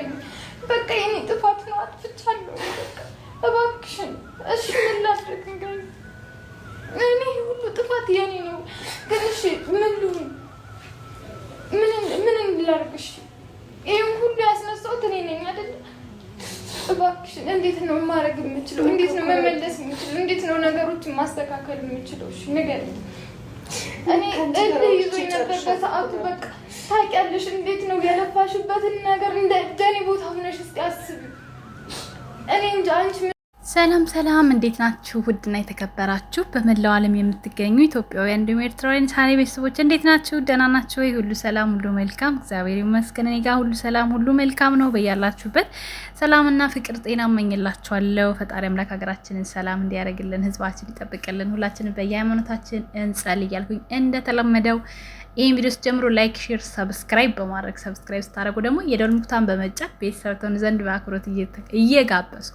ንገሪኝ። በቃ የኔ ጥፋት ነው፣ አጥፍቻለሁ። እባክሽን እሺ፣ ምን ላድርግ እኔ ሁሉ ጥፋት የኔ ነው፣ ግን እሺ ምን ልሁን? ምን ላድርግሽ? ይህም ሁሉ ያስነሳሁት እኔ ነኝ አይደለ? እባክሽን እንዴት ነው ማድረግ የምችለው? እንዴት ነው መመለስ የምችለው? እንዴት ነው ነገሮችን ማስተካከል የምችለው? ንገሪኝ። እኔ እልህ ይዞኝ ነበር በሰዓቱ በቃ ታውቂያለሽ፣ እንዴት ነው የለፋሽበትን ነገር እንደ ደኔ ቦታ ሆነሽ እስኪ አስቢ። እኔ እንጃ አንቺ ሰላም ሰላም፣ እንዴት ናችሁ? ውድና የተከበራችሁ በመላው ዓለም የምትገኙ ኢትዮጵያውያን እንዲሁም ኤርትራውያን ቻናሌ ቤተሰቦች እንዴት ናችሁ? ደህና ናችሁ ወይ? ሁሉ ሰላም፣ ሁሉ መልካም፣ እግዚአብሔር ይመስገን። እኔ ጋር ሁሉ ሰላም፣ ሁሉ መልካም ነው። በያላችሁበት ሰላምና ፍቅር፣ ጤና እመኝላችኋለሁ። ፈጣሪ አምላክ ሀገራችንን ሰላም እንዲያደርግልን፣ ህዝባችን ይጠብቅልን፣ ሁላችንን በየሃይማኖታችን እንጸል እያልኩኝ እንደተለመደው ይህን ቪዲዮ ጀምሮ ላይክ፣ ሼር፣ ሰብስክራይብ በማድረግ ሰብስክራይብ ስታደርጉ ደግሞ የደወል ምልክቱን በመጫን ቤተሰብ ትሆኑ ዘንድ በአክብሮት እየጋበዝኩ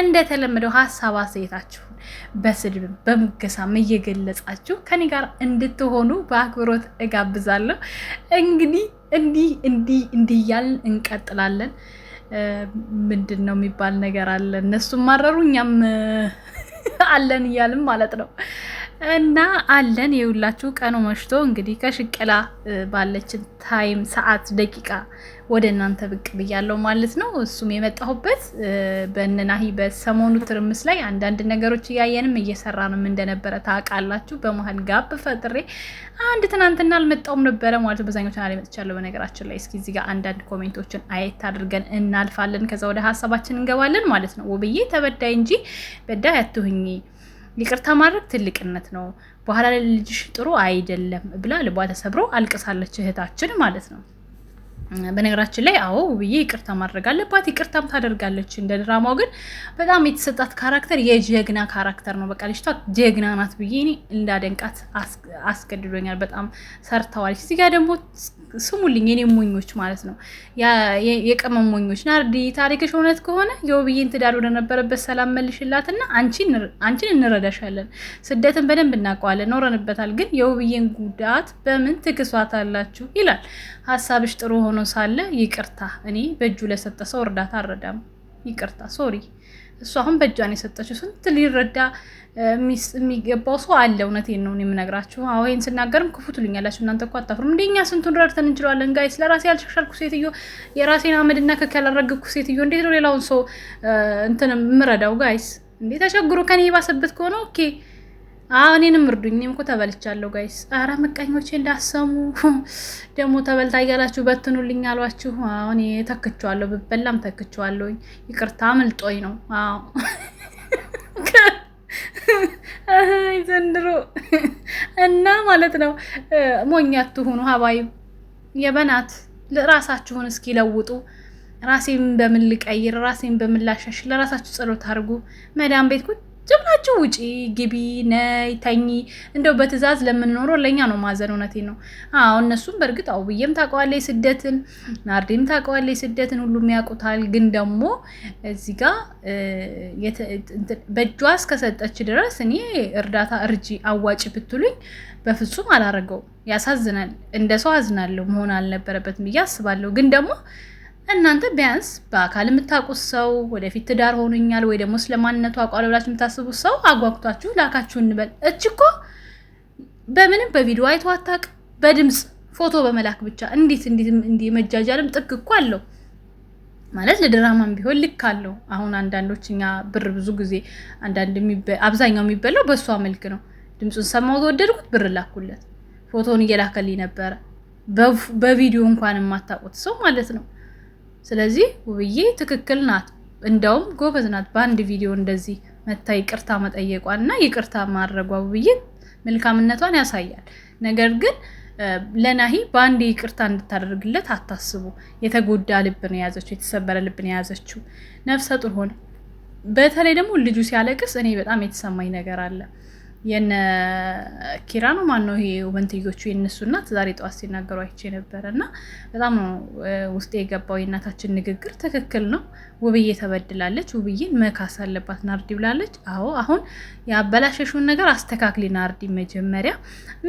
እንደተለመደው ሀሳብ አስተያየታችሁን በስድብም በሙገሳም እየገለጻችሁ ከኔ ጋር እንድትሆኑ በአክብሮት እጋብዛለሁ። እንግዲህ እንዲህ እንዲህ እንዲህ እያልን እንቀጥላለን። ምንድን ነው የሚባል ነገር አለ። እነሱም ማረሩ እኛም አለን እያልን ማለት ነው። እና አለን የሁላችሁ ቀኑ መሽቶ እንግዲህ ከሽቅላ ባለችን ታይም ሰዓት ደቂቃ ወደ እናንተ ብቅ ብያለው ማለት ነው። እሱም የመጣሁበት በነናሂ በሰሞኑ ትርምስ ላይ አንዳንድ ነገሮች እያየንም እየሰራንም እንደነበረ ታውቃላችሁ። በመሀል ጋብ ፈጥሬ አንድ ትናንትና አልመጣውም ነበረ ማለት ነው። በዛኛው ቻናል መጥቻለሁ። በነገራችን ላይ እስኪ እዚህ ጋር አንዳንድ ኮሜንቶችን አየት አድርገን እናልፋለን። ከዛ ወደ ሀሳባችን እንገባለን ማለት ነው። ውብዬ ተበዳይ እንጂ በዳይ አትሁኝ ይቅርታ ማድረግ ትልቅነት ነው። በኋላ ላይ ልጅሽ ጥሩ አይደለም ብላ ልቧ ተሰብሮ አልቅሳለች እህታችን ማለት ነው። በነገራችን ላይ አዎ ውብዬ ይቅርታ ማድረግ አለባት፣ ይቅርታም ታደርጋለች። እንደ ድራማው ግን በጣም የተሰጣት ካራክተር የጀግና ካራክተር ነው። በቃ ልጅቷ ጀግና ናት ብዬ እንዳደንቃት አስገድዶኛል። በጣም ሰርተዋለች። እዚህ ደግሞ ስሙልኝ የኔ ሞኞች ማለት ነው፣ የቅመም ሞኞች። ናርዲ ታሪክሽ እውነት ከሆነ የውብዬን ትዳር ወደነበረበት ሰላም መልሽላትና አንቺን እንረዳሻለን። ስደትን በደንብ እናውቀዋለን፣ ኖረንበታል። ግን የውብዬን ጉዳት በምን አላችሁ? ይላል። ሀሳብሽ ጥሩ ሆኖ ሳለ ይቅርታ፣ እኔ በእጁ ለሰጠ ሰው እርዳታ አረዳም። ይቅርታ ሶሪ እሱ አሁን በእጇን የሰጠችው ስንት ሊረዳ የሚገባው ሰው አለ። እውነቴን ነው የምነግራችሁ። አሁን ስናገርም ክፉ ትሉኛላችሁ። እናንተ እኮ አታፍሩም እንደኛ ስንቱን ረድተን እንችለዋለን። ጋይስ ለራሴ ያልሸሻልኩ ሴትዮ፣ የራሴን አመድና ክክ ያላረግኩ ሴትዮ እንዴት ነው ሌላውን ሰው እንትን ምረዳው? ጋይስ እንዴ ተቸግሮ ከኔ የባሰበት ከሆነ ኦኬ አዎ እኔንም እርዱኝ። እኔም እኮ ተበልቻለሁ ጋይስ። አረ ምቀኞቼ እንዳሰሙ ደግሞ ተበልታ እያላችሁ በትኑልኝ አሏችሁ። አዎ እኔ ተክቼዋለሁ፣ ብበላም ተክቼዋለሁኝ። ይቅርታ አምልጦኝ ነው። አዎ ዘንድሮ እና ማለት ነው ሞኛት ሁኑ ሀባይ የበናት ራሳችሁን እስኪ ለውጡ። ራሴን በምን ልቀይር፣ ራሴን በምን ላሻሽል፣ ለራሳችሁ ጸሎት አድርጉ። መዳም ቤት ዝም ውጪ፣ ግቢ፣ ነይ፣ ተኚ። እንደው በትዕዛዝ ለምንኖረው ለእኛ ነው ማዘን። እውነት ነው። አዎ እነሱም በእርግጥ አው ብዬም ታውቀዋለች ስደትን፣ ናርዴም ታውቀዋለች ስደትን፣ ሁሉም ያውቁታል። ግን ደግሞ እዚህ ጋ በእጇ እስከሰጠች ድረስ እኔ እርዳታ እርጂ አዋጭ ብትሉኝ በፍጹም አላረገውም። ያሳዝናል። እንደ ሰው አዝናለሁ። መሆን አልነበረበትም ብዬ አስባለሁ። ግን ደግሞ እናንተ ቢያንስ በአካል የምታውቁት ሰው ወደፊት ትዳር ሆኖኛል ወይ ደግሞ ስለማንነቱ አውቋል ብላችሁ የምታስቡት ሰው አጓጉቷችሁ ላካችሁ እንበል። እች እኮ በምንም በቪዲዮ አይቶ አታውቅ፣ በድምፅ ፎቶ በመላክ ብቻ እንዴት እንዴት እንዲህ መጃጃልም ጥግ እኮ አለው ማለት ለድራማም ቢሆን ልክ አለው። አሁን አንዳንዶች እኛ ብር ብዙ ጊዜ አንዳንድ አብዛኛው የሚበላው በእሷ መልክ ነው። ድምፁን ሰማው ተወደድኩት፣ ብር ላኩለት። ፎቶውን እየላከልኝ ነበረ። በቪዲዮ እንኳን የማታውቁት ሰው ማለት ነው። ስለዚህ ውብዬ ትክክል ናት፣ እንደውም ጎበዝ ናት። በአንድ ቪዲዮ እንደዚህ መታ ይቅርታ መጠየቋ እና ይቅርታ ማድረጓ ውብዬ መልካምነቷን ያሳያል። ነገር ግን ለናሂ በአንድ ይቅርታ እንድታደርግለት አታስቡ። የተጎዳ ልብ ነው የያዘችው፣ የተሰበረ ልብ ነው የያዘችው። ነፍሰ ጡር ሆነ። በተለይ ደግሞ ልጁ ሲያለቅስ እኔ በጣም የተሰማኝ ነገር አለ። የነ ኪራ ነው ማን ነው ይሄ ወንትዮቹ የነሱ እናት ዛሬ ጠዋት ሲናገሩ አይቼ ነበረ እና በጣም ነው ውስጤ የገባው የእናታችን ንግግር ትክክል ነው ውብዬ ተበድላለች ውብዬን መካስ አለባት ናርዲ ብላለች አዎ አሁን የአበላሸሽውን ነገር አስተካክሊ ናርዲ መጀመሪያ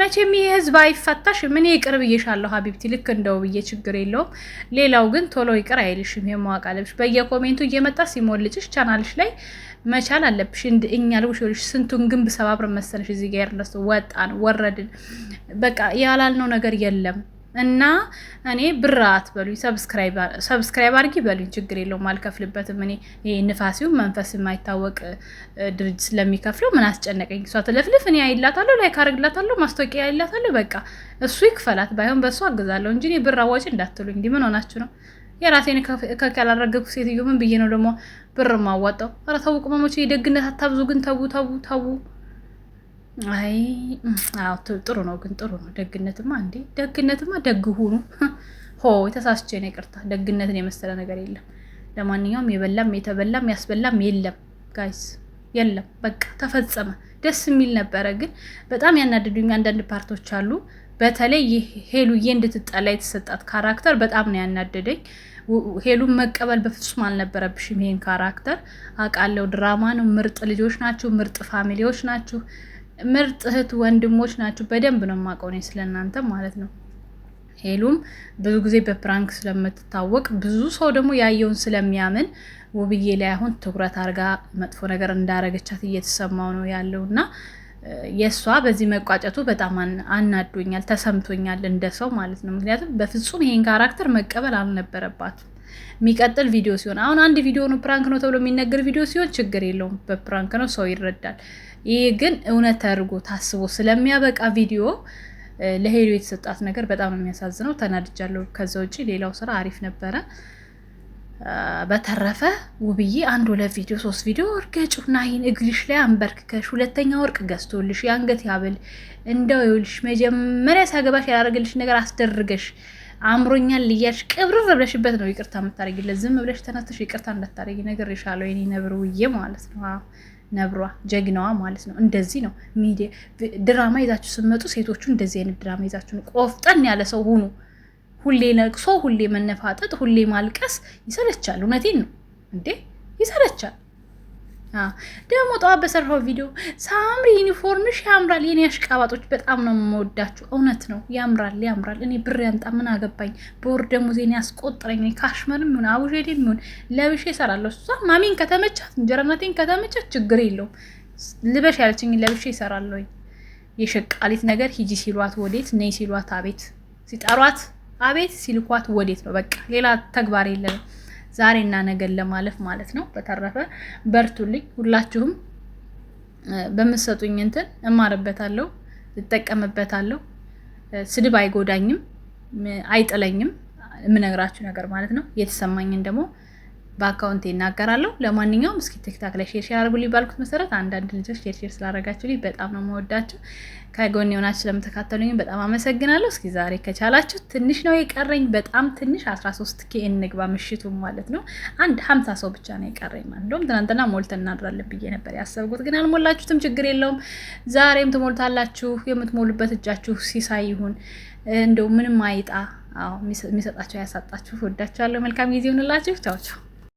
መቼም ይህ ህዝብ አይፈታሽ ምን ይቅር ብዬሻለሁ ሀቢብቲ ልክ እንደ ውብዬ ችግር የለውም ሌላው ግን ቶሎ ይቅር አይልሽም የማወቅ አለብሽ በየኮሜንቱ እየመጣ ሲሞልጭሽ ቻናልሽ ላይ መቻል አለብሽ እንድ እኛ ልሽ ስንቱን ግንብ ሰባብር መሰለሽ እዚህ ጋር ደስ ወጣን ወረድን፣ በቃ ያላልነው ነገር የለም። እና እኔ ብር አትበሉኝ፣ ሰብስክራይብ አድርጊ በሉኝ፣ ችግር የለውም አልከፍልበትም። እኔ ይሄ ንፋሲው መንፈስ የማይታወቅ ድርጅት ስለሚከፍለው ምን አስጨነቀኝ? እሷ ትለፍልፍ፣ እኔ አይላታለሁ፣ ላይክ አደርግላታለሁ፣ ማስታወቂያ አይላታለሁ። በቃ እሱ ይክፈላት፣ ባይሆን በእሱ አግዛለሁ እንጂ እኔ ብር አዋጭ እንዳትሉኝ። እንዲህ ምን ሆናችሁ ነው? የራሴን ከክ ያላረገኩ ሴትዮ ምን ብዬ ነው ደግሞ ብር ማዋጣው? ኧረ ተው ቅመሞች፣ የደግነት አታብዙ ግን፣ ተዉ ተዉ ተዉ። አይ አዎ ጥሩ ነው፣ ግን ጥሩ ነው። ደግነትማ እንዴ ደግነትማ ደግ ሁኑ። ሆ የተሳስቼ ነው፣ ይቅርታ። ደግነትን የመሰለ ነገር የለም። ለማንኛውም የበላም የተበላም ያስበላም የለም ጋይስ፣ የለም። በቃ ተፈጸመ። ደስ የሚል ነበረ፣ ግን በጣም ያናደዱኝ አንዳንድ ፓርቶች አሉ። በተለይ ሄሉዬ እንድትጠላ የተሰጣት ካራክተር በጣም ነው ያናደደኝ። ሄሉን መቀበል በፍጹም አልነበረብሽም። ይሄን ካራክተር አውቃለሁ። ድራማ ነው። ምርጥ ልጆች ናችሁ፣ ምርጥ ፋሚሊዎች ናችሁ። ምርጥ እህት ወንድሞች ናችሁ። በደንብ ነው የማውቀው እኔ ስለእናንተ ማለት ነው። ሄሉም ብዙ ጊዜ በፕራንክ ስለምትታወቅ ብዙ ሰው ደግሞ ያየውን ስለሚያምን ውብዬ ላይ አሁን ትኩረት አድርጋ መጥፎ ነገር እንዳረገቻት እየተሰማው ነው ያለው እና የእሷ በዚህ መቋጨቱ በጣም አናዶኛል፣ ተሰምቶኛል እንደ ሰው ማለት ነው። ምክንያቱም በፍጹም ይሄን ካራክተር መቀበል አልነበረባትም። የሚቀጥል ቪዲዮ ሲሆን አሁን አንድ ቪዲዮ ነው ፕራንክ ነው ተብሎ የሚነገር ቪዲዮ ሲሆን ችግር የለውም። በፕራንክ ነው ሰው ይረዳል። ይህ ግን እውነት አድርጎ ታስቦ ስለሚያበቃ ቪዲዮ ለሄዱ የተሰጣት ነገር በጣም ነው የሚያሳዝነው። ተናድጃለሁ። ከዛ ውጭ ሌላው ስራ አሪፍ ነበረ። በተረፈ ውብዬ አንድ ሁለት ቪዲዮ ሶስት ቪዲዮ እርገጩ ናይን እግልሽ ላይ አንበርክከሽ ሁለተኛ ወርቅ ገዝቶልሽ የአንገት ያብል እንደው ይኸውልሽ መጀመሪያ ሲያገባሽ ያላረግልሽ ነገር አስደርገሽ አእምሮኛል ልያሽ ቅብርር ብለሽበት ነው ይቅርታ የምታደርጊለት። ዝም ብለሽ ተነስተሽ ይቅርታ እንዳታደርጊ ነገር የሻለው የኔ ነብር ውዬ ማለት ነው። ነብሯ ጀግናዋ ማለት ነው። እንደዚህ ነው ድራማ ይዛችሁ ስትመጡ ሴቶቹ እንደዚህ አይነት ድራማ ይዛችሁ ቆፍጠን ያለ ሰው ሁኑ። ሁሌ ነቅሶ፣ ሁሌ መነፋጠጥ፣ ሁሌ ማልቀስ ይሰለቻል። እውነቴን ነው እንዴ ይሰለቻል። ደግሞ ጠዋት በሰራው ቪዲዮ ሳምሪ ዩኒፎርምሽ ያምራል፣ የኔ አሽቃባጦች በጣም ነው የምወዳችሁ። እውነት ነው ያምራል፣ ያምራል። እኔ ብር ያንጣ ምን አገባኝ፣ በወር ደግሞ ደሞዜን ያስቆጥረኝ። ካሽመርም ይሁን አቡሼዴም ይሁን ለብሼ እሰራለሁ። እሷ ማሚን ከተመቻት እንጀራናቴን ከተመቻት ችግር የለውም። ልበሽ ያለችኝ ለብሼ እሰራለሁኝ። የሸቃሊት ነገር ሂጂ ሲሏት ወዴት፣ ነይ ሲሏት አቤት፣ ሲጠሯት አቤት፣ ሲልኳት ወዴት ነው። በቃ ሌላ ተግባር የለንም። ዛሬና ነገን ለማለፍ ማለት ነው። በተረፈ በርቱልኝ ሁላችሁም። በምትሰጡኝ እንትን እማርበታለሁ፣ እጠቀምበታለሁ። ስድብ አይጎዳኝም፣ አይጥለኝም። የምነግራችሁ ነገር ማለት ነው። የተሰማኝን ደግሞ በአካውንት ይናገራለሁ። ለማንኛውም እስኪ ቲክታክ ላይ ሼር ሼር አድርጉልኝ ባልኩት መሰረት አንዳንድ ልጆች ሼር ሼር ስላደረጋችሁልኝ በጣም ነው የምወዳችሁ። ከጎን የሆናችሁ ስለምተካተሉኝ በጣም አመሰግናለሁ። እስኪ ዛሬ ከቻላችሁ ትንሽ ነው የቀረኝ፣ በጣም ትንሽ 13 ኬ እንግባ ምሽቱ ማለት ነው። አንድ 50 ሰው ብቻ ነው የቀረኝ ማለት እንደውም ትናንትና ሞልተን እናድራለን ብዬ ነበር ያሰብኩት፣ ግን አልሞላችሁትም። ችግር የለውም፣ ዛሬም ትሞልታላችሁ። የምትሞሉበት እጃችሁ ሲሳይ ይሁን፣ እንደው ምንም አይጣ። አዎ ያሳጣችሁ። ወዳችኋለሁ። መልካም ጊዜ ይሁንላችሁ። ቻው ቻው